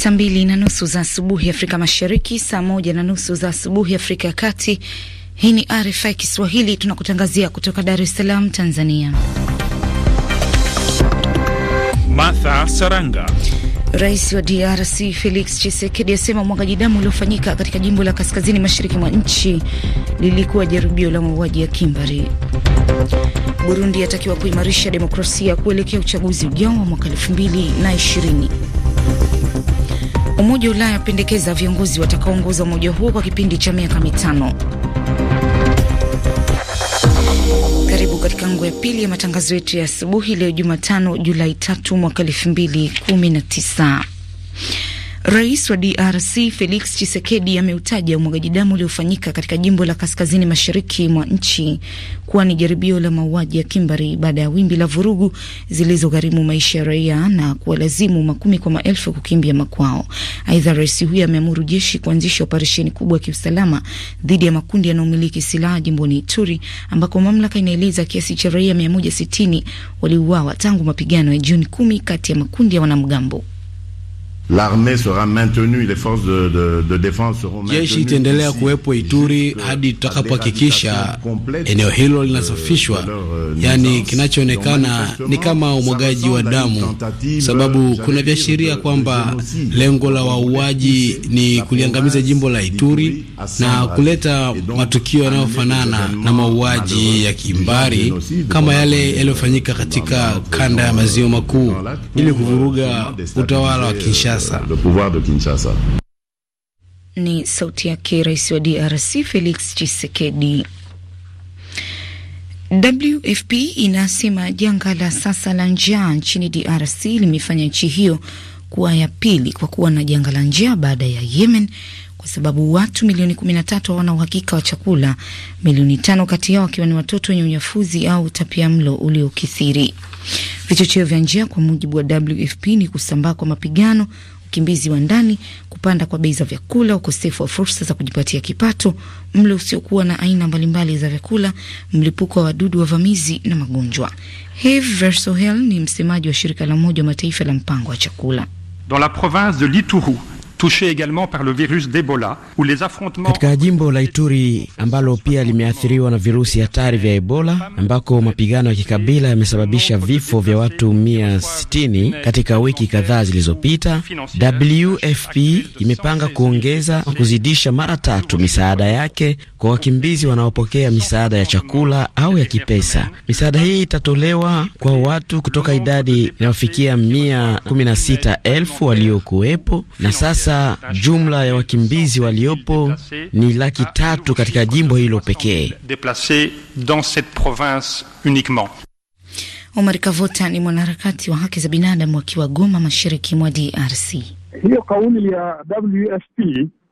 saa mbili na nusu za asubuhi Afrika Mashariki, saa moja na nusu za asubuhi Afrika ya Kati. Hii ni RFI Kiswahili, tunakutangazia kutoka Dar es Salaam, Tanzania. Martha Saranga. Rais wa DRC Felix Tshisekedi asema mwagaji damu uliofanyika katika jimbo la kaskazini mashariki mwa nchi lilikuwa jaribio la mauaji ya kimbari. Burundi yatakiwa kuimarisha demokrasia kuelekea uchaguzi ujao wa mwaka 2020. Umoja wa Ulaya wapendekeza viongozi watakaoongoza umoja huo kwa kipindi cha miaka mitano. Karibu katika ngo ya pili ya matangazo yetu ya asubuhi leo Jumatano Julai tatu mwaka elfu mbili kumi na tisa. Rais wa DRC Felix Tshisekedi ameutaja umwagaji damu uliofanyika katika jimbo la kaskazini mashariki mwa nchi kuwa ni jaribio la mauaji ya kimbari baada ya wimbi la vurugu zilizogharimu maisha ya raia na kuwalazimu makumi kwa maelfu kukimbia makwao. Aidha, rais huyo ameamuru jeshi kuanzisha operesheni kubwa ya kiusalama dhidi ya makundi yanayomiliki silaha jimboni Ituri, ambako mamlaka inaeleza kiasi cha raia 160 waliuawa tangu mapigano ya Juni kumi kati ya makundi ya wanamgambo. Jeshi itaendelea kuwepo Ituri hadi tutakapohakikisha eneo hilo linasafishwa. Euh, yani kinachoonekana ni kama umwagaji wa damu, sababu kuna viashiria kwamba lengo la wauaji ni kuliangamiza jimbo la Ituri na kuleta matukio yanayofanana na mauaji ya kimbari kama yale yaliyofanyika katika kanda ya maziwa makuu ili kuvuruga utawala wa euh, Kinshasa. Kinshasa. Le pouvoir de Kinshasa. Ni sauti yake Rais wa DRC Felix Tshisekedi. WFP inasema janga la sasa la njaa nchini DRC limefanya nchi hiyo kuwa ya pili kwa kuwa na janga la njaa baada ya Yemen kwa sababu watu milioni 13 hawana uhakika wa chakula, milioni tano kati yao wakiwa ni watoto wenye unyafuzi au utapiamlo uliokithiri. Vichocheo vya njaa kwa mujibu wa WFP ni kusambaa kwa mapigano, ukimbizi wa ndani, kupanda kwa bei za vyakula, ukosefu wa fursa za kujipatia kipato, mlo usiokuwa na aina mbalimbali za vyakula, mlipuko wa wadudu wavamizi na magonjwa. Hev Versohel ni msemaji wa shirika la Umoja wa Mataifa la mpango wa chakula. Dans la province de Lituru touché également par le virus d'Ebola où les affrontements... Katika jimbo la Ituri ambalo pia limeathiriwa na virusi hatari vya Ebola ambako mapigano ya kikabila yamesababisha vifo vya watu 160 katika wiki kadhaa zilizopita, WFP imepanga kuongeza na kuzidisha mara tatu misaada yake kwa wakimbizi wanaopokea misaada ya chakula au ya kipesa. Misaada hii itatolewa kwa watu kutoka idadi inayofikia 116,000 waliokuwepo na sasa sasa jumla ya wakimbizi waliopo ni laki tatu katika jimbo hilo pekee. Omar Kavota ni mwanaharakati wa haki za binadamu akiwa Goma, mashariki mwa DRC. Hiyo kauli ya WFP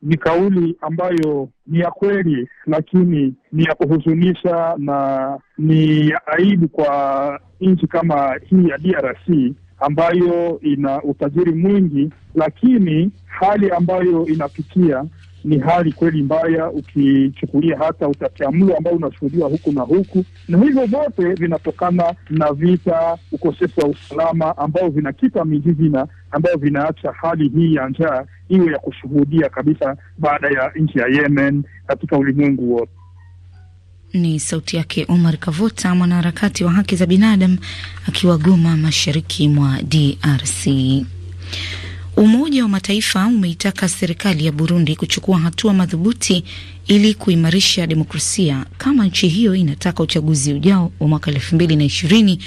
ni kauli ambayo ni ya kweli, lakini ni ya kuhuzunisha na ni ya aibu kwa nchi kama hii ya DRC ambayo ina utajiri mwingi, lakini hali ambayo inapitia ni hali kweli mbaya, ukichukulia hata utapiamlo ambao unashuhudiwa huku na huku, na hivyo vyote vinatokana na vita, ukosefu wa usalama ambao vinakita mizizi na ambayo vinaacha hali hii ya njaa iwe ya kushuhudia kabisa baada ya nchi ya Yemen katika ulimwengu wote. Ni sauti yake Omar Kavota, mwanaharakati wa haki za binadamu akiwa Goma, mashariki mwa DRC. Umoja wa Mataifa umeitaka serikali ya Burundi kuchukua hatua madhubuti ili kuimarisha demokrasia kama nchi hiyo inataka uchaguzi ujao wa mwaka elfu mbili na ishirini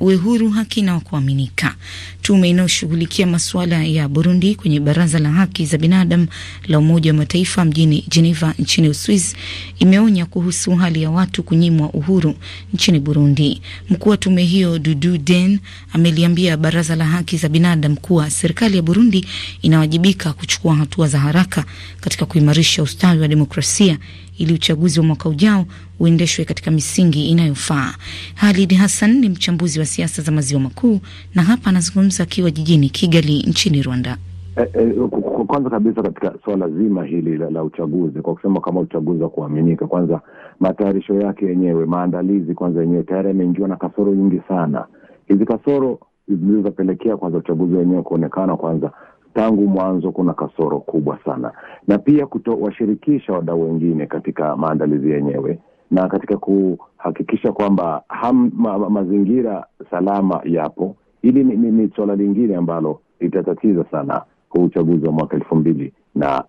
uwe huru, haki na wa kuaminika. Tume inayoshughulikia masuala ya Burundi kwenye Baraza la Haki za Binadamu la Umoja wa Mataifa mjini Geneva nchini Uswiz imeonya kuhusu hali ya watu kunyimwa uhuru nchini Burundi. Mkuu wa tume hiyo Dudu Den ameliambia Baraza la Haki za Binadamu kuwa serikali ya Burundi inawajibika kuchukua hatua za haraka katika kuimarisha ustawi wa demokrasia ili uchaguzi wa mwaka ujao uendeshwe katika misingi inayofaa. Halid Hassan ni mchambuzi wa siasa za maziwa makuu na hapa anazungumza akiwa jijini Kigali nchini Rwanda. Eh, eh, kwanza kabisa katika suala so zima hili la, la uchaguzi kwa kusema kama uchaguzi wa kuaminika, kwanza matayarisho yake yenyewe, maandalizi kwanza yenyewe tayari yameingiwa na kasoro nyingi sana. Hizi kasoro zilizopelekea kwanza uchaguzi wenyewe kuonekana kwanza tangu mwanzo kuna kasoro kubwa sana, na pia kutowashirikisha wadau wengine katika maandalizi yenyewe na katika kuhakikisha kwamba ma, ma, mazingira salama yapo. Hili ni, ni, ni swala lingine ambalo litatatiza sana huu uchaguzi wa mwaka elfu mbili na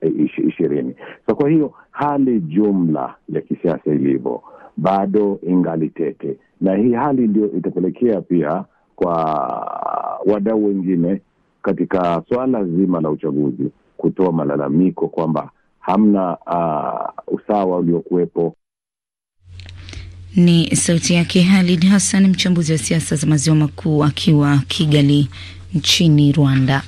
ishirini. So kwa hiyo hali jumla ya kisiasa ilivyo bado ingali tete, na hii hali ndio itapelekea pia kwa wadau wengine katika swala zima la uchaguzi kutoa malalamiko kwamba hamna uh, usawa uliokuwepo ni sauti yake Halid Hassan, mchambuzi wa siasa za maziwa makuu akiwa Kigali nchini Rwanda.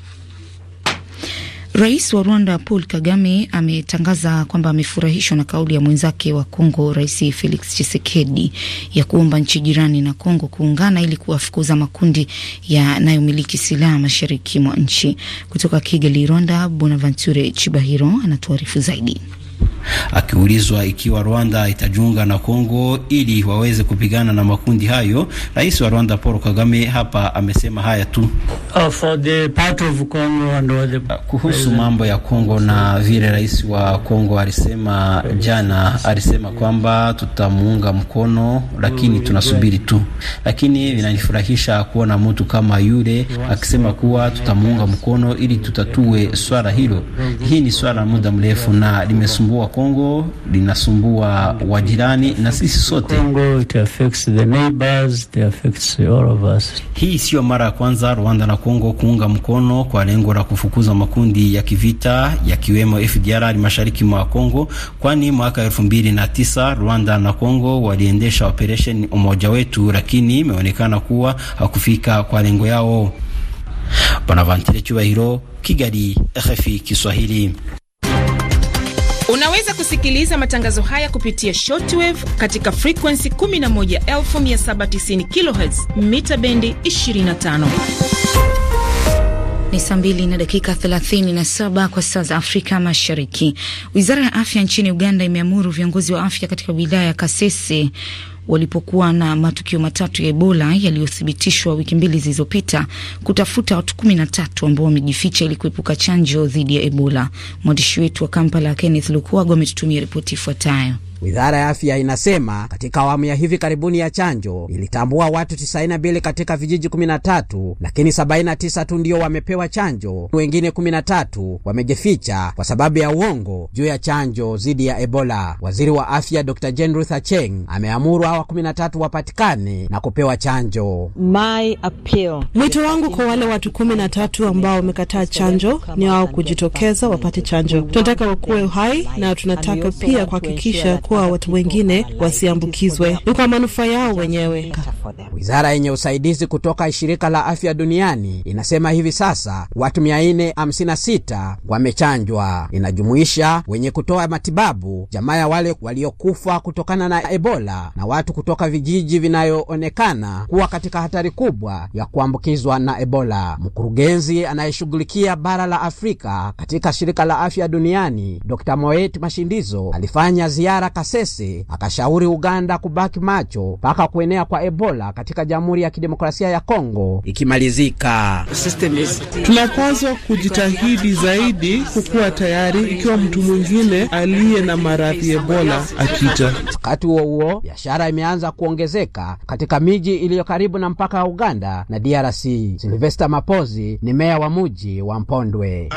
Rais wa Rwanda Paul Kagame ametangaza kwamba amefurahishwa na kauli ya mwenzake wa Kongo Rais Felix Tshisekedi ya kuomba nchi jirani na Kongo kuungana ili kuwafukuza makundi yanayomiliki silaha mashariki mwa nchi. Kutoka Kigali, Rwanda, Bonaventure Chibahiro anatuarifu zaidi. Akiulizwa ikiwa Rwanda itajiunga na Kongo ili waweze kupigana na makundi hayo, rais wa Rwanda Paul Kagame hapa amesema haya tu. Uh, for the part of Congo and the... Uh, kuhusu mambo ya Kongo na vile rais wa Kongo alisema jana, alisema kwamba tutamuunga mkono, lakini tunasubiri tu, lakini vinanifurahisha kuona mtu kama yule akisema kuwa tutamuunga mkono ili tutatue swala hilo. Hii ni swala muda mrefu na limesumbua Kongo linasumbua wajirani na sisi sote. Hii siyo mara ya kwanza Rwanda na Kongo kuunga mkono kwa lengo la kufukuza makundi ya kivita yakiwemo FDLR mashariki mwa Kongo, kwani mwaka elfu mbili na tisa Rwanda na Kongo waliendesha operesheni Umoja Wetu, lakini imeonekana kuwa hakufika kwa lengo yao. Bonaventure Cyubahiro, Kigali, RFI Kiswahili. Unaweza kusikiliza matangazo haya kupitia shortwave katika frequency 11790 kHz mita bendi 25. Ni saa mbili na dakika 37 kwa saa za Afrika Mashariki. Wizara ya afya nchini Uganda imeamuru viongozi wa afya katika wilaya ya Kasese walipokuwa na matukio matatu ya Ebola yaliyothibitishwa wiki mbili zilizopita kutafuta watu kumi na tatu ambao wamejificha ili kuepuka chanjo dhidi ya Ebola. Mwandishi wetu wa Kampala Kenneth lukuago ametutumia ripoti ifuatayo. Wizara ya afya inasema katika awamu ya hivi karibuni ya chanjo ilitambua watu 92 katika vijiji 13, lakini 79 tu ndio wamepewa chanjo. Wengine 13 wamejificha kwa sababu ya uongo juu ya chanjo dhidi ya Ebola. Waziri wa afya Dr. jen Ruth Acheng ameamuru hawa 13 wapatikane na kupewa chanjo. My appeal, mwito wangu kwa wale watu 13 ambao wamekataa chanjo ni wao kujitokeza wapate chanjo. Tunataka wakuwe hai na tunataka pia kuhakikisha kuokoa watu wengine wasiambukizwe, ni kwa manufaa yao wenyewe. Wizara yenye usaidizi kutoka shirika la afya duniani inasema hivi sasa watu 456 wamechanjwa, inajumuisha wenye kutoa matibabu, jamaa ya wale waliokufa kutokana na Ebola na watu kutoka vijiji vinayoonekana kuwa katika hatari kubwa ya kuambukizwa na Ebola. Mkurugenzi anayeshughulikia bara la Afrika katika shirika la afya duniani Dr. Moet Mashindizo alifanya ziara Kasese akashauri Uganda kubaki macho mpaka kuenea kwa Ebola katika Jamhuri ya Kidemokrasia ya Kongo ikimalizika. Tunapaswa kujitahidi zaidi kukuwa tayari ikiwa mtu mwingine aliye na maradhi Ebola akija. Wakati huo huo, biashara imeanza kuongezeka katika miji iliyo karibu na mpaka wa Uganda na DRC. Silvester Mapozi ni meya wa muji wa Mpondwe.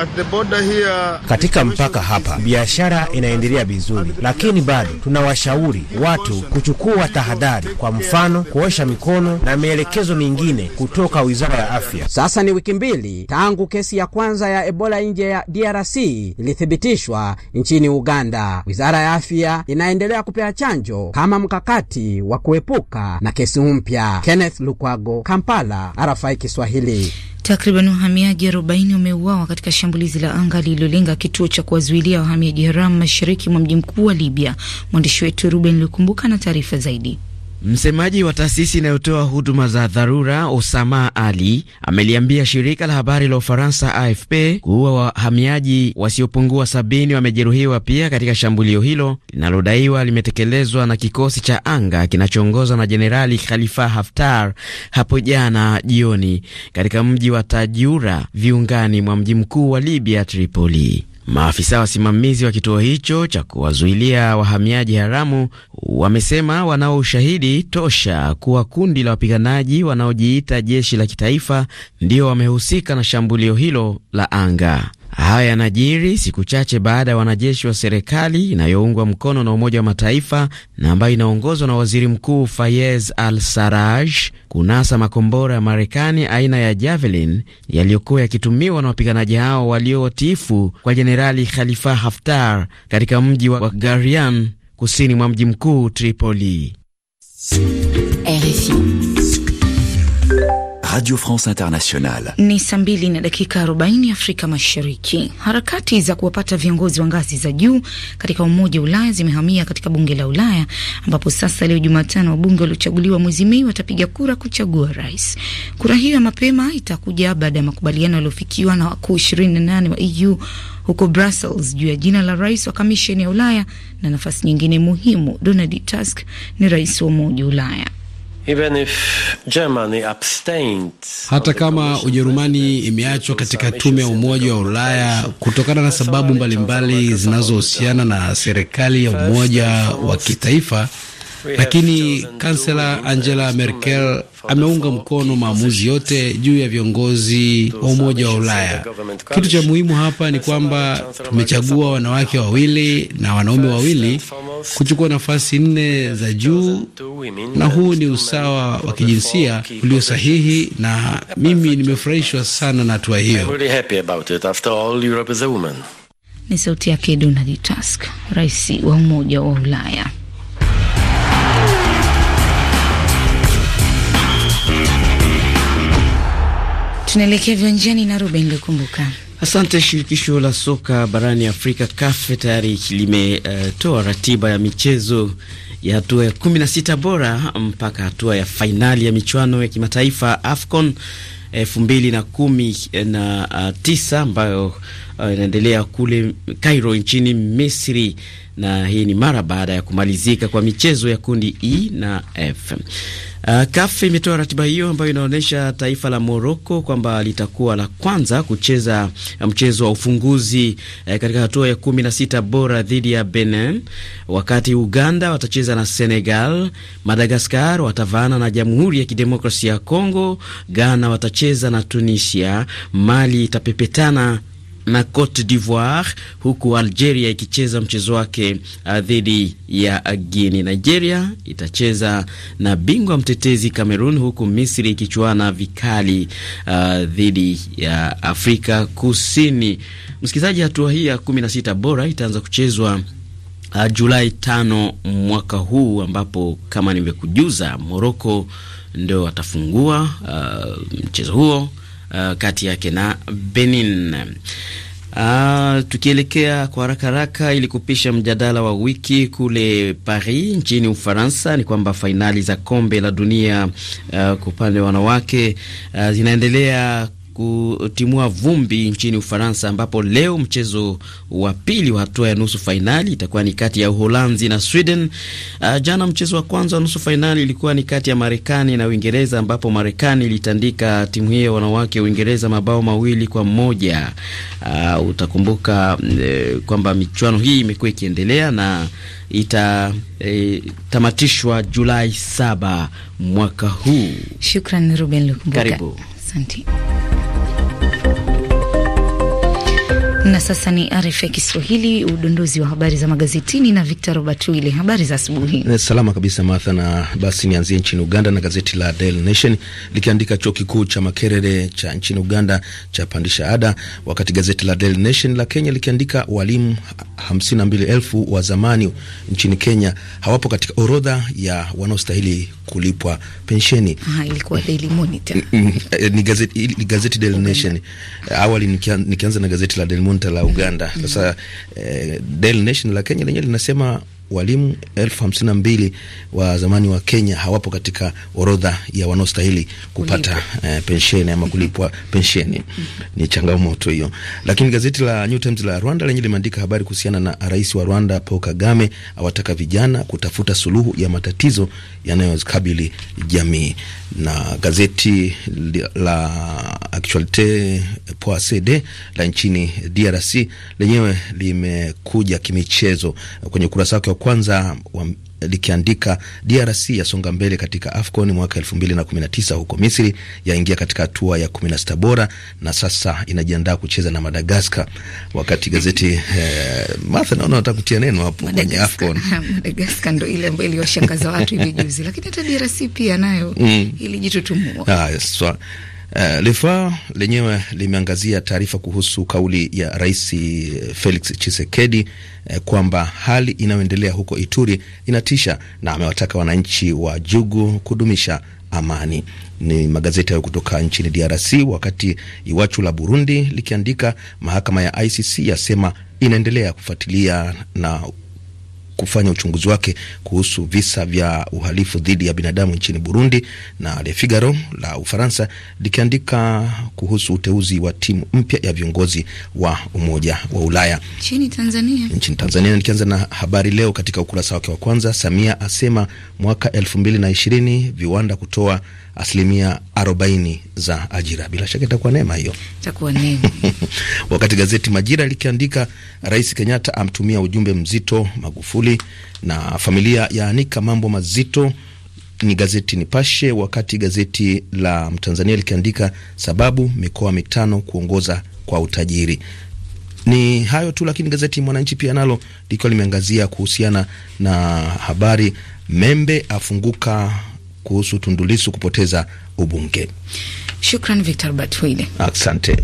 Katika mpaka hapa biashara inaendelea vizuri, lakini bado bado tunawashauri watu kuchukua tahadhari, kwa mfano kuosha mikono na maelekezo mengine kutoka Wizara ya Afya. Sasa ni wiki mbili tangu kesi ya kwanza ya Ebola nje ya DRC ilithibitishwa nchini Uganda. Wizara ya Afya inaendelea kupea chanjo kama mkakati wa kuepuka na kesi mpya. Kenneth Lukwago, Kampala, RFI Kiswahili. Takriban wahamiaji 40 wameuawa katika shambulizi la anga lililolenga kituo cha kuwazuilia wahamiaji haramu mashariki mwa mji mkuu wa Libya. Mwandishi wetu Ruben Lukumbuka na taarifa zaidi. Msemaji wa taasisi inayotoa huduma za dharura Osama Ali ameliambia shirika la habari la Ufaransa AFP kuwa wahamiaji wasiopungua sabini wamejeruhiwa pia katika shambulio hilo linalodaiwa limetekelezwa na kikosi cha anga kinachoongozwa na Jenerali Khalifa Haftar hapo jana jioni katika mji wa Tajura viungani mwa mji mkuu wa Libya Tripoli. Maafisa wasimamizi wa kituo hicho cha kuwazuilia wahamiaji haramu wamesema wanao ushahidi tosha kuwa kundi la wapiganaji wanaojiita jeshi la kitaifa ndio wamehusika na shambulio hilo la anga. Haya yanajiri siku chache baada ya wanajeshi wa serikali inayoungwa mkono na Umoja wa Mataifa na ambayo inaongozwa na waziri mkuu Fayez Al Saraj kunasa makombora ya Marekani aina ya Javelin yaliyokuwa yakitumiwa na wapiganaji hao watiifu kwa Jenerali Khalifa Haftar katika mji wa Garian kusini mwa mji mkuu Tripoli. RFI. Radio France Internationale. Ni saa mbili na dakika 40 Afrika Mashariki. Harakati za kuwapata viongozi wa ngazi za juu katika Umoja wa Ulaya zimehamia katika Bunge la Ulaya ambapo sasa leo Jumatano wabunge waliochaguliwa mwezi Mei watapiga kura kuchagua rais. Kura hiyo ya mapema itakuja baada ya makubaliano yaliyofikiwa na wakuu 28 wa EU huko Brussels juu ya jina la rais wa Kamisheni ya Ulaya na nafasi nyingine muhimu. Donald Tusk ni rais wa Umoja wa Ulaya. Hata kama Ujerumani imeachwa katika tume ya Umoja wa Ulaya kutokana na sababu mbalimbali zinazohusiana na serikali ya umoja wa kitaifa lakini kansela Angela Merkel ameunga mkono maamuzi yote juu ya viongozi wa Umoja wa Ulaya. Kitu cha muhimu hapa ni kwamba tumechagua wanawake wawili na wanaume wawili kuchukua nafasi nne za juu, na huu ni usawa wa kijinsia ulio sahihi, na mimi nimefurahishwa sana na hatua hiyo. Ni sauti yake Donald Tusk, rais wa Umoja wa Ulaya. Tunaelekea viwanjani na Ruben Likumbuka. Asante. Shirikisho la soka barani Afrika CAF tayari limetoa uh, ratiba ya michezo ya hatua ya kumi na sita bora mpaka hatua ya fainali ya michuano ya kimataifa AFCON elfu mbili na kumi na uh, tisa ambayo uh, inaendelea kule Cairo nchini Misri, na hii ni mara baada ya kumalizika kwa michezo ya kundi E na F. Uh, CAF imetoa ratiba hiyo ambayo inaonyesha taifa la Morocco kwamba litakuwa la kwanza kucheza uh, mchezo wa ufunguzi uh, katika hatua ya kumi na sita bora dhidi ya Benin, wakati Uganda watacheza na Senegal, Madagascar watavaana na Jamhuri ya Kidemokrasia ya Kongo, Ghana watacheza na Tunisia, Mali itapepetana na Cote d'Ivoire, huku Algeria ikicheza mchezo wake uh, dhidi ya uh, guini Nigeria itacheza na bingwa mtetezi Cameroon, huku Misri ikichuana vikali uh, dhidi uh, ya Afrika Kusini. Msikilizaji, hatua hii ya kumi na sita bora itaanza kuchezwa uh, Julai tano mwaka huu ambapo kama nimekujuza Moroko ndio watafungua uh, mchezo huo uh, kati yake na Benin. Uh, tukielekea kwa haraka haraka ili kupisha mjadala wa wiki kule Paris nchini Ufaransa, ni kwamba fainali za kombe la dunia uh, kwa upande wa wanawake uh, zinaendelea kutimua vumbi nchini Ufaransa, ambapo leo mchezo wa pili wa hatua ya nusu fainali itakuwa ni kati ya Uholanzi na Sweden. Uh, jana mchezo wa kwanza wa nusu fainali ilikuwa ni kati ya Marekani na Uingereza, ambapo Marekani ilitandika timu hiyo ya wanawake Uingereza mabao mawili kwa moja. Uh, utakumbuka uh, kwamba michuano hii imekuwa ikiendelea na itatamatishwa eh, uh, Julai saba mwaka huu. Shukran Ruben Lukumbuka. Karibu. Asante. Na sasa ni RFI ya Kiswahili, udondozi wa habari za magazetini na Victor Robert Wile. Habari za asubuhi. Eh, salama kabisa Martha, na basi nianzie nchini Uganda na gazeti la Daily Nation likiandika chuo kikuu cha Makerere cha nchini Uganda cha pandisha ada, wakati gazeti la Daily Nation la Kenya likiandika walimu 52,000 wa zamani nchini Kenya hawapo katika orodha ya wanaostahili kulipwa pensheni. Ilikuwa Daily Monitor. Eh, ni gazeti Daily Nation. Awali nikianza na gazeti la Daily Monitor kaunta la Uganda. Mm-hmm. Sasa eh, Daily Nation la Kenya lenyewe linasema walimu elfu hamsini na mbili wa zamani wa Kenya hawapo katika orodha ya wanaostahili kupata eh, pensheni ama kulipwa pensheni. Ni changamoto hiyo, lakini gazeti la New Times la Rwanda lenye limeandika habari kuhusiana na rais wa Rwanda Paul Kagame awataka vijana kutafuta suluhu ya matatizo yanayokabili jamii, na gazeti la Actualite Poasede la nchini DRC lenyewe limekuja kimichezo kwenye ukurasa wake kwanza wa, likiandika DRC yasonga mbele katika AFCON mwaka 2019 huko Misri, yaingia katika hatua ya 16 bora na sasa inajiandaa kucheza na Madagascar. Wakati gazeti eh, Martha, naona nataka kutia neno hapo kwenye AFCON. Madagascar ndio ile ambayo iliwashangaza watu hivi juzi, lakini hata DRC pia nayo mm, ilijitutumua. Ah, yes, so, Eh, Lefa lenyewe limeangazia taarifa kuhusu kauli ya Rais eh, Felix chisekedi eh, kwamba hali inayoendelea huko Ituri inatisha na amewataka wananchi wa Jugu kudumisha amani. Ni magazeti hayo kutoka nchini DRC, wakati Iwachu la Burundi likiandika mahakama ya ICC yasema inaendelea kufuatilia na kufanya uchunguzi wake kuhusu visa vya uhalifu dhidi ya binadamu nchini Burundi, na Le Figaro la Ufaransa likiandika kuhusu uteuzi wa timu mpya ya viongozi wa Umoja wa Ulaya nchini Tanzania. Nchini Tanzania, nikianza na habari leo katika ukurasa wake wa kwanza, Samia asema mwaka elfu mbili na ishirini viwanda kutoa asilimia 40 za ajira. Bila shaka itakuwa neema hiyo, itakuwa neema. Wakati gazeti Majira likiandika Rais Kenyatta amtumia ujumbe mzito Magufuli na familia yaanika mambo mazito ni gazeti Nipashe, wakati gazeti la Mtanzania likiandika sababu mikoa mitano kuongoza kwa utajiri. Ni hayo tu, lakini gazeti Mwananchi pia nalo likiwa limeangazia kuhusiana na habari Membe afunguka kuhusu Tundulisu kupoteza ubunge. Shukran Victor Batwile, asante.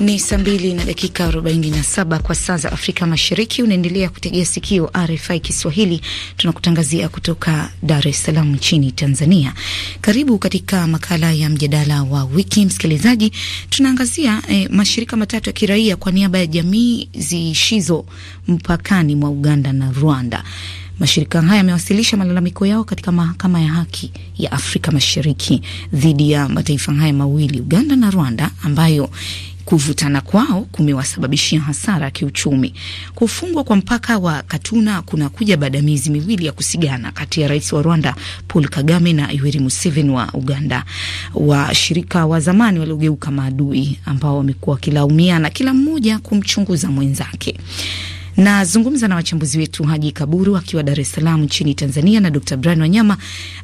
Ni saa mbili na dakika 47 kwa saa za Afrika Mashariki. Unaendelea kutegea sikio RFI Kiswahili, tunakutangazia kutoka Dar es Salaam nchini Tanzania. Karibu katika makala ya mjadala wa wiki, msikilizaji. Tunaangazia eh, mashirika matatu ya kiraia kwa niaba ya jamii ziishizo mpakani mwa Uganda na Rwanda. Mashirika haya yamewasilisha malalamiko yao katika mahakama ya haki ya Afrika Mashariki dhidi ya mataifa haya mawili, Uganda na Rwanda, ambayo Kuvutana kwao kumewasababishia hasara kiuchumi. Kufungwa kwa mpaka wa Katuna kunakuja baada ya miezi miwili ya kusigana kati ya rais wa Rwanda Paul Kagame na Yoweri Museveni wa Uganda, washirika wa zamani waliogeuka maadui ambao wamekuwa wakilaumiana kila mmoja kumchunguza mwenzake. Nazungumza na wachambuzi wetu Haji Kaburu akiwa Dar es Salaam nchini Tanzania na Dr Brian Wanyama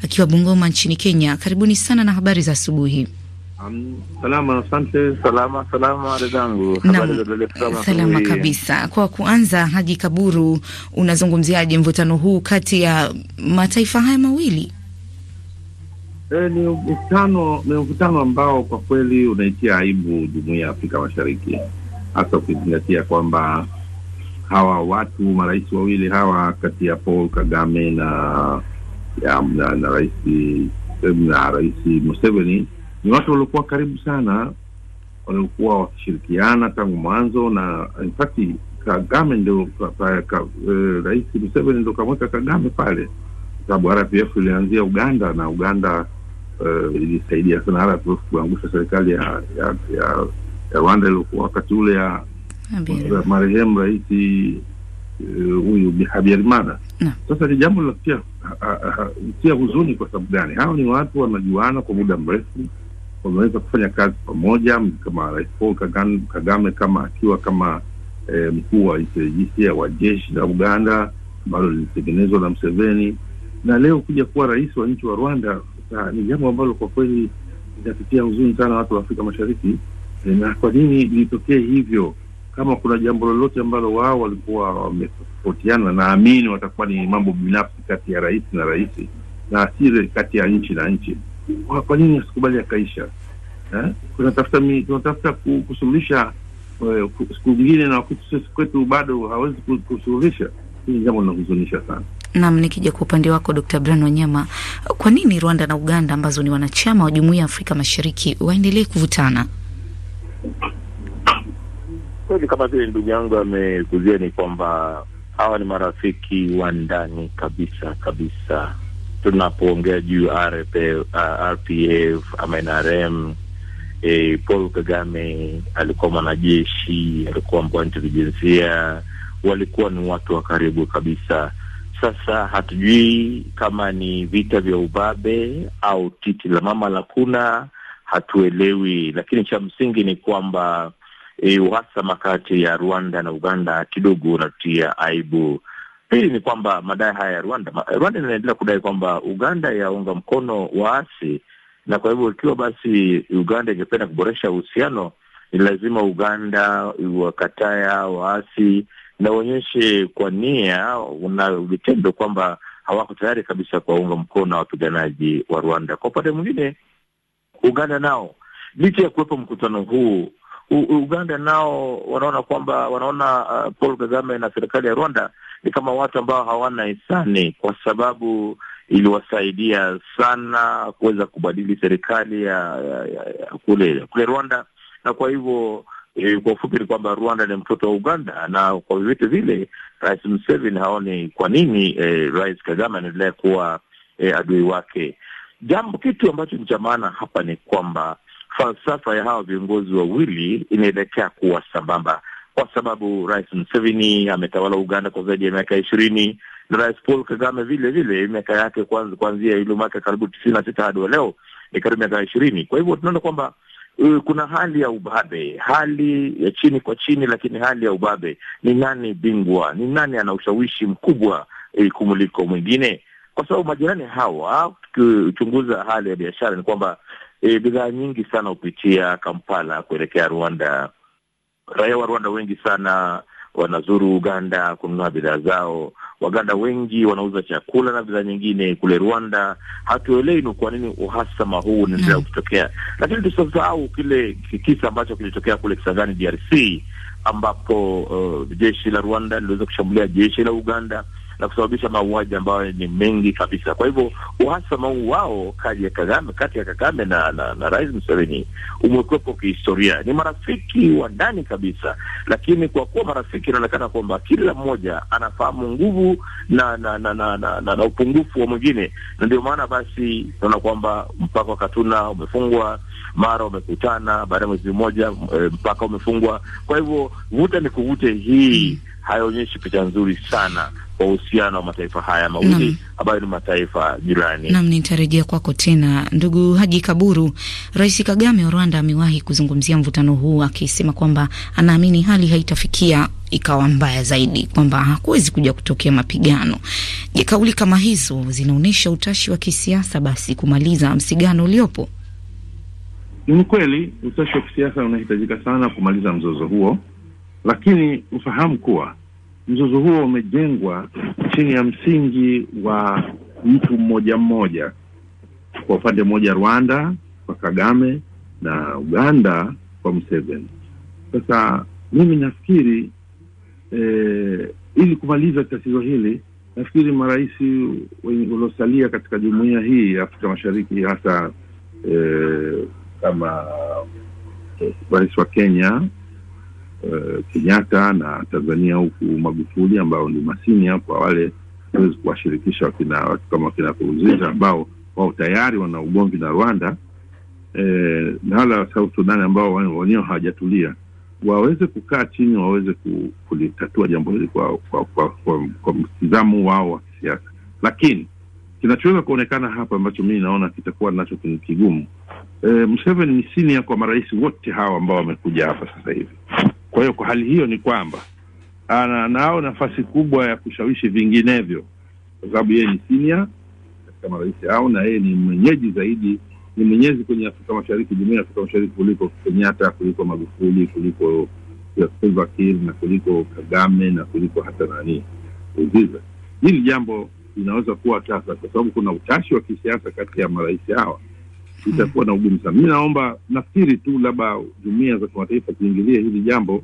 akiwa Bungoma nchini Kenya. Karibuni sana na habari za asubuhi. Salama, asante. Salama, salama dadangu. Salama kabisa. Kwa kuanza, Haji Kaburu, unazungumziaje mvutano huu kati ya mataifa haya mawili? E, ni mvutano ni mvutano ambao kwa kweli unaitia aibu jumuiya ya Afrika Mashariki, hasa ukizingatia kwamba hawa watu marais wawili hawa kati ya Paul Kagame na na, na, na rais na rais Museveni ni watu waliokuwa karibu sana, waliokuwa wakishirikiana tangu mwanzo, na infacti Kagame ndio e, Rais Museveni ndio kamweka Kagame pale, sababu RPF ilianzia Uganda na Uganda e, ilisaidia sana RPF kuangusha serikali ya ya, ya, ya Rwanda iliokuwa wakati ule ya marehemu rais e, huyu uh, Habyarimana. Sasa ni jambo la huzuni. Kwa sababu gani? hawa ni watu wanajuana kwa muda mrefu wameweza kufanya kazi pamoja, kama Rais Paul Kagame kama akiwa kama e, mkuu wa intelijensia wa jeshi la Uganda ambalo lilitengenezwa na Mseveni, na leo kuja kuwa rais wa nchi wa Rwanda ni jambo ambalo kwa kweli linapitia huzuni sana watu wa Afrika Mashariki. E, na kwa nini lilitokee hivyo? Kama kuna jambo lolote ambalo wao walikuwa wametofautiana, naamini watakuwa ni mambo binafsi kati ya rais na rais, na si kati ya nchi na nchi kwa nini asikubali akaisha eh? tunatafuta tunatafuta kusuluhisha eh, siku ingine na wakati sisi kwetu bado hawezi kusuluhisha. Hili jambo linahuzunisha sana. Naam, nikija kwa upande wako Dr. Brian Wanyama, kwa nini Rwanda na Uganda ambazo ni wanachama wa Jumuiya ya Afrika Mashariki waendelee kuvutana? Kweli kama vile ndugu yangu ameguzia, ni kwamba hawa ni marafiki wa ndani kabisa kabisa tunapoongea juu RPF uh, ama NRM, e, eh, Paul Kagame alikuwa mwanajeshi, alikuwa mkuu wa intelijensia, walikuwa ni watu wa karibu kabisa. Sasa hatujui kama ni vita vya ubabe au titi la mama la kuna, hatuelewi, lakini cha msingi ni kwamba e, uhasama kati ya Rwanda na Uganda kidogo unatia aibu Pili ni kwamba madai haya ya Rwanda, Rwanda inaendelea kudai kwamba Uganda yaunga mkono waasi, na kwa hivyo ikiwa basi Uganda ingependa kuboresha uhusiano, ni lazima Uganda wakataya waasi na uonyeshe kwa nia na vitendo kwamba hawako tayari kabisa kuwaunga mkono wapiganaji wa Rwanda. Kwa upande mwingine, Uganda nao licha ya kuwepo mkutano huu U Uganda nao wanaona kwamba wanaona uh, Paul Kagame na serikali ya Rwanda ni kama watu ambao hawana hisani, kwa sababu iliwasaidia sana kuweza kubadili serikali ya, ya, ya, ya kule kule Rwanda, na kwa hivyo e, kwa ufupi ni kwamba Rwanda ni mtoto wa Uganda, na kwa vyovyote vile Rais Museveni haoni kwa nini e, Rais Kagame anaendelea kuwa e, adui wake. Jambo kitu ambacho ni cha maana hapa ni kwamba falsafa ya hawa viongozi wawili inaelekea kuwa sambamba kwa sababu Rais Museveni ametawala Uganda kwa zaidi ya miaka ishirini na Rais Paul Kagame vile vile miaka yake kuanzia ile mwaka karibu tisini na sita hadi wa leo ni karibu miaka ishirini. Kwa hivyo tunaona kwamba uh, kuna hali ya ubabe, hali ya chini kwa chini, lakini hali ya ubabe. Ni nani bingwa? Ni nani ana ushawishi mkubwa e, kumuliko mwingine? Kwa sababu majirani hawa, tukichunguza hali ya biashara, ni kwamba e, bidhaa nyingi sana hupitia Kampala kuelekea Rwanda raia wa Rwanda wengi sana wanazuru Uganda kununua bidhaa zao. Waganda wengi wanauza chakula na bidhaa nyingine kule Rwanda. Hatuelewi ni kwa nini uhasama huu unaendelea mm, kutokea, lakini tusisahau kile kisa ambacho kilitokea kule Kisangani, DRC ambapo uh, jeshi la Rwanda liliweza kushambulia jeshi la Uganda na kusababisha mauaji ambayo ni mengi kabisa. Kwa hivyo uhasama huu wao kati ya Kagame, kati ya Kagame na, na, na Rais Museveni umekwepo kihistoria. Ni marafiki wa ndani kabisa, lakini kwa kuwa marafiki, inaonekana kwamba kila mmoja anafahamu nguvu na na na, na, na, na, na upungufu wa mwingine, na ndio maana basi naona kwamba mpaka wa Katuna umefungwa mara wamekutana baada ya mwezi mmoja eh, mpaka umefungwa. Kwa hivyo vuta ni kuvute hii haionyeshi picha nzuri sana kwa uhusiano wa mataifa haya mawili ambayo ni mataifa jirani. Nam, nitarejea kwako tena ndugu Haji Kaburu. Rais Kagame wa Rwanda amewahi kuzungumzia mvutano huu akisema kwamba anaamini hali haitafikia ikawa mbaya zaidi, kwamba hakuwezi kuja kutokea mapigano. Je, kauli kama hizo zinaonyesha utashi wa kisiasa basi kumaliza msigano uliopo? Ni kweli utashi wa kisiasa unahitajika sana kumaliza mzozo huo, lakini ufahamu kuwa mzozo huo umejengwa chini ya msingi wa mtu mmoja mmoja. Kwa upande mmoja Rwanda kwa Kagame na Uganda kwa Museveni. Sasa mimi nafikiri eh, ili kumaliza tatizo hili, nafikiri marais waliosalia katika jumuiya hii ya Afrika Mashariki hasa eh, kama eh, rais wa Kenya uh, Kenyatta na Tanzania huku Magufuli ambao ni masini kwa wale huwezi kuwashirikisha wakina watu kama wakina Kurunziza ambao wao tayari wana ugomvi na Rwanda eh, na wala South Sudan ambao wenyewe hawajatulia waweze kukaa chini, waweze kulitatua jambo hili kwa, kwa, kwa, kwa, kwa mtizamo wao wa kisiasa. Lakini kinachoweza kuonekana hapa ambacho mii naona kitakuwa nacho kigumu, eh, Museveni ni sinia kwa marais wote hawa ambao wamekuja hapa sasa hivi kwa hiyo kwa hali hiyo ni kwamba anao nafasi kubwa ya kushawishi vinginevyo, kwa sababu yeye ni senior katika marais hao na yeye ni mwenyeji zaidi, ni mwenyezi kwenye Afrika Mashariki, jumuia ya Afrika Mashariki kuliko Kenyatta, kuliko Magufuli, kuliko Salva Kiir na kuliko Kagame na kuliko hata nani Uziza. Hili jambo linaweza kuwa sasa kwa sababu kuna utashi wa kisiasa kati ya marais hawa itakuwa na ugumu sana. Mi naomba nafikiri tu labda jumuia za kimataifa kiingilia hili jambo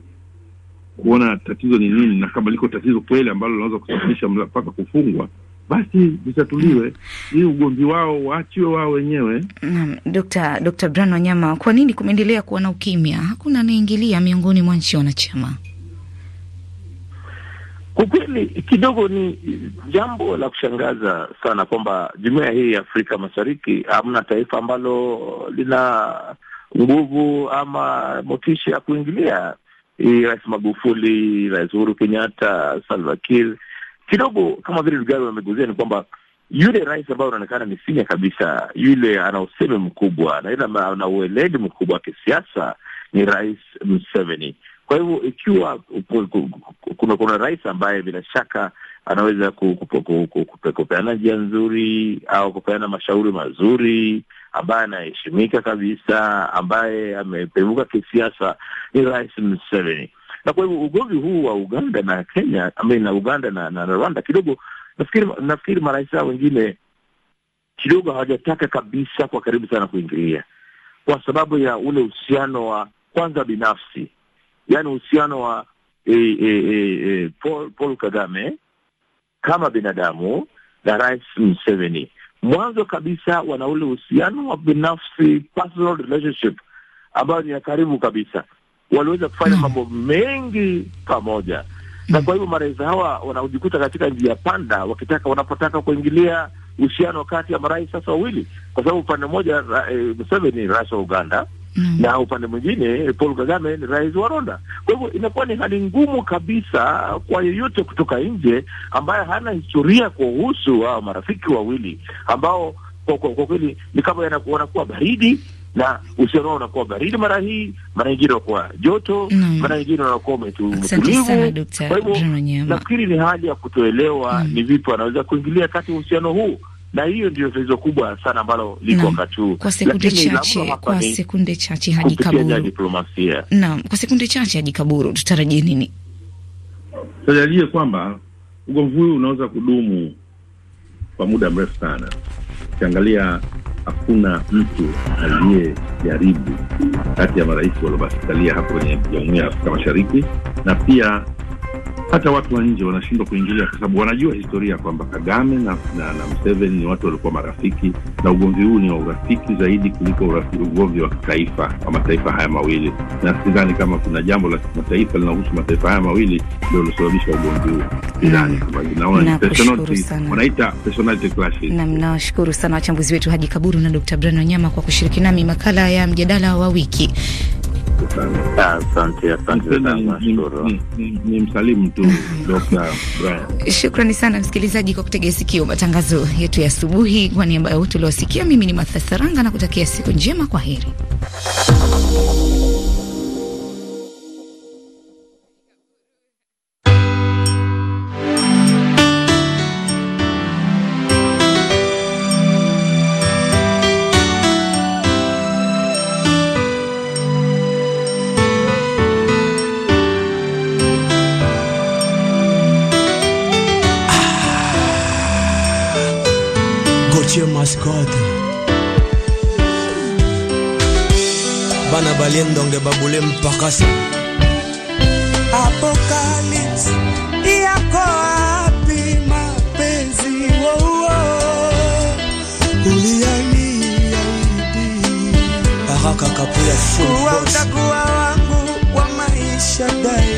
kuona tatizo ni nini, na kama liko tatizo kweli ambalo linaweza kusababisha mpaka kufungwa basi vitatuliwe hii ugomvi wao waachiwe wao wenyewe. Naam, Dkt. Wanyama, kwa nini kumeendelea kuwa na ukimya? Hakuna anaingilia miongoni mwa nchi wanachama? Kwa kweli kidogo ni jambo la kushangaza sana kwamba jumuiya hii ya Afrika Mashariki hamna taifa ambalo lina nguvu ama motisha ya kuingilia hii. Rais Magufuli, Rais Uhuru Kenyatta, Salva Kiir, kidogo kama vile Lugari wameguzia ni kwamba yule rais ambayo unaonekana ni sinya kabisa, yule ana usemi mkubwa na yule ana ueledi mkubwa wa kisiasa ni Rais Museveni. Kwa hivyo ikiwa kuna, kuna rais ambaye bila shaka anaweza kupeana njia nzuri au kupeana mashauri mazuri, ambaye anaheshimika kabisa, ambaye amepevuka kisiasa ni Rais Museveni. Na kwa hivyo ugomvi huu wa Uganda na Kenya ambaye na Uganda na, na Rwanda kidogo nafikiri, nafikiri marais hao wengine kidogo hawajataka kabisa kwa karibu sana kuingilia, kwa sababu ya ule uhusiano wa kwanza binafsi yani uhusiano wa e, e, e, e, Paul, Paul Kagame kama binadamu na Rais Museveni. Mwanzo kabisa wana ule uhusiano wa binafsi, personal relationship ambayo ni ya karibu kabisa, waliweza kufanya hmm. mambo mengi pamoja na kwa hivyo marais hawa wanaojikuta katika njia panda, wakitaka wanapotaka kuingilia uhusiano kati ya marais sasa wawili, kwa sababu upande mmoja e, Museveni rais wa Uganda mm. na upande mwingine Paul Kagame ni rais wa Rwanda. Kwa hivyo inakuwa ni hali ngumu kabisa kwa yeyote kutoka nje ambaye hana historia kuhusu hao marafiki wawili ambao kwa kweli ni kama wanakuwa baridi na uhusiano wao unakuwa baridi mara hii, mara nyingine unakuwa joto, mm. mara nyingine unakuwa umetulivu. Kwa hivyo nafikiri ni hali ya kutoelewa mm. ni vipi anaweza kuingilia kati uhusiano huu na hiyo ndio tatizo kubwa sana ambalo liko wakati huu. Kwa sekunde chache, kwa sekunde chache hadi Kaburu, naam, kwa sekunde chache hadi Kaburu, tutarajie nini? Tutarajie kwamba ugomvi huu unaweza kudumu kwa muda mrefu sana. Ukiangalia, hakuna mtu aliyejaribu kati ya marais waliobastalia hapo kwenye Jumuiya ya Afrika Mashariki na pia hata watu wa nje wanashindwa kuingilia, kwa sababu wanajua historia kwamba Kagame na, na, na Museveni ni watu waliokuwa marafiki, na ugomvi huu ni wa urafiki zaidi kuliko ugomvi wa kitaifa wa mataifa haya mawili, na sidhani kama kuna jambo la kimataifa linahusu mataifa haya mawili ndio lilosababisha ugomvi huu. Wanaita personality clashes. nawashukuru sana wachambuzi wetu Haji Kaburu na Dr. Brian Wanyama kwa kushiriki nami makala ya mjadala wa wiki. Asante sana, asante asante sana. Ni msalimu tu Dr. Brian. Shukrani sana msikilizaji kwa kutegea sikio matangazo yetu ya asubuhi. Kwa niaba ya wote uliowasikia, mimi ni mathasaranga Saranga na kutakia siku njema. Kwa heri. Che mascotte. bana baliendonge babule mpakasa apokalipsi yako wapi mapenzi wouo uliania ibi haraka kapuya utakuwa wangu wa maisha dai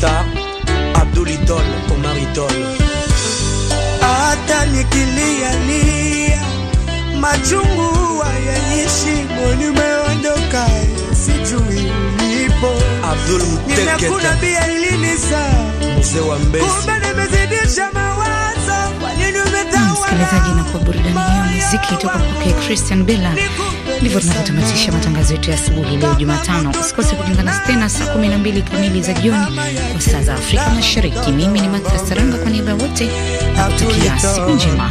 star Abdulidol Omaridol. Hata nikilialia machungu hayaishi, nimeondoka sijui nipo. Abdul Mteketa bia lini saa mzee wa Mbezi, kumbe nimezidisha mawazo. Kwa nini umetawa? Msikilizaji na kwa burudani ya muziki toka kwake Christian Bella. Ndivyo tunavyotamatisha matangazo yetu ya asubuhi leo Jumatano. Usikose kuungana tena saa 12 kamili za jioni kwa saa za Afrika Mashariki. Mimi ni Martha Saranga, kwa niaba ya wote na kutakia siku njema.